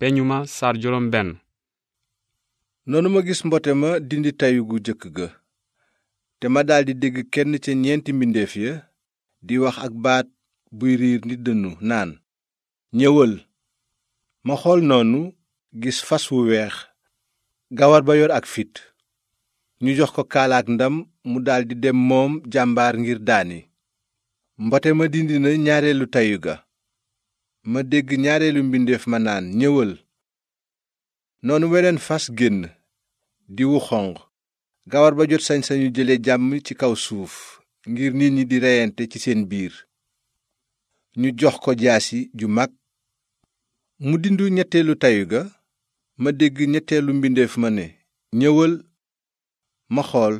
peñu ma noonu ma gis mbote ma dindi tayu gu jëkk ga te ma daldi dégg kenn ca ñeenti mbindeef ya di wax ak baat buy riir ni dënnu naan ñëwal ma xool noonu gis fas wu weex gawar ba yor ak fit ñu jox ko kaalaak ndam mu daldi dem moom jàmbaar ngir daani mbote ma dindi na ñaareelu tayu ga ma dégg ñaareelu mbindeef ma naan ñëwal noonu weneen fas génn diwu xonq gawar ba jot sañ-sañu jële jàmm ci kaw suuf ngir nit ñi di reyante ci seen biir ñu jox ko jaasi ju mag mu dindu ñetteelu tayu ga ma dégg ñetteelu mbindeef ma ne ñëwal ma xool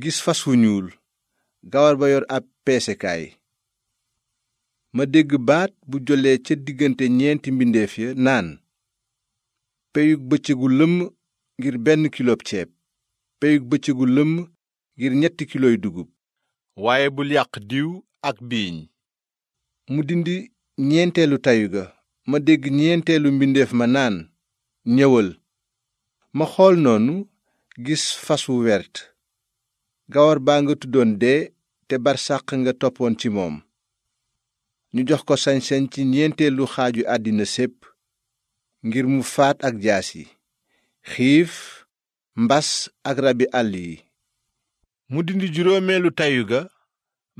gis fas wu ñuul gawar ba yor ab peesekaay ma dégg baat bu jolee ca diggante ñeenti mbindeef ya naan peyug bëccëgu lëmm ngir benn kiloob ceeb peyug bëccëgu lëmm ngir ñetti kiloy dugub waaye bul yàq diw ak biiñ mu dindi ñeenteelu tayu ga ma dégg ñeenteelu mbindeef ma naan ñëwal ma xool noonu gis fas wu wert gawar baa nga tuddoon dee te barsàq nga toppoon ci moom ñu jox ko sañ ci ñeenteelu xaaju àddina sépp ngir mu faat ak jaas yi xiif mbas ak rabi àll yi mu dindi juróomeelu tayu ga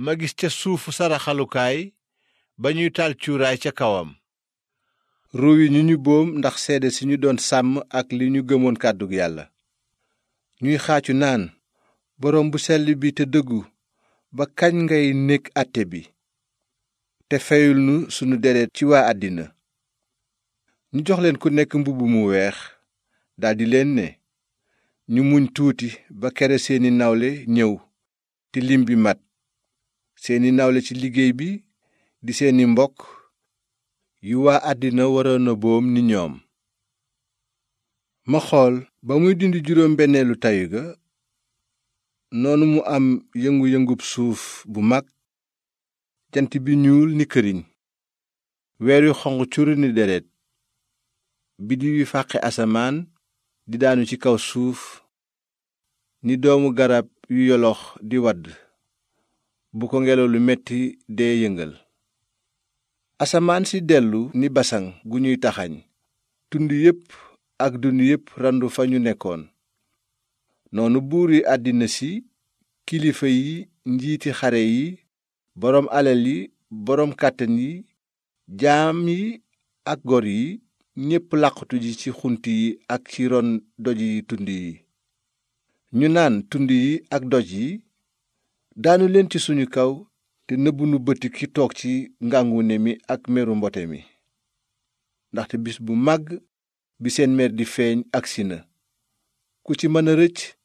ma gis ca suufu saraxalukaay ba ñuy taal cuuraay ca kawam ruu yi ñu ñu boom ndax seede si ñu doon sàmm ak li ñu gëmoon kàddu yàlla ñuy xaacu naan boroom bu sell bi te dëggu ba kañ ngay nekk àtte bi te feyul nu sunu deret ci waa àddina ñu jox leen ku nekk mbubb mu weex daldi leen ne ñu muñ tuuti ba kere seeni nawle ñëw te lim bi mat seeni nawle ci liggéey bi di seeni mbokk yu waa àddina waroon a boom ni ñoom ma xool ba muy dindi juróom benneelu tayu ga noonu mu am yëngu-yëngub suuf bu mag jant bi ñuul ni këriñ weer yu xonq curu ni deret biddiw yi fàqi asamaan di daanu ci kaw suuf ni doomu garab yu yolox di wadd bu ko ngelaw lu metti dee yëngal asamaan si dellu ni basaŋ gu ñuy taxañ tund yépp ak dund yépp randu fa ñu nekkoon noonu buur yi àddina si kilifa yi njiiti xare yi boroom alal yi boroom kàttan yi jaam yi ak gor yi ñépp làqatu ji ci xunt yi ak ci ron doj yi tund yi ñu naan tund yi ak doj yi daanu leen ci suñu kaw te nëbbu nu bëti ki toog ci ngàngune mi ak meru mbote mi ndaxte bis bu màgg bi seen mer di feeñ agsi na ku ci mën a rëcc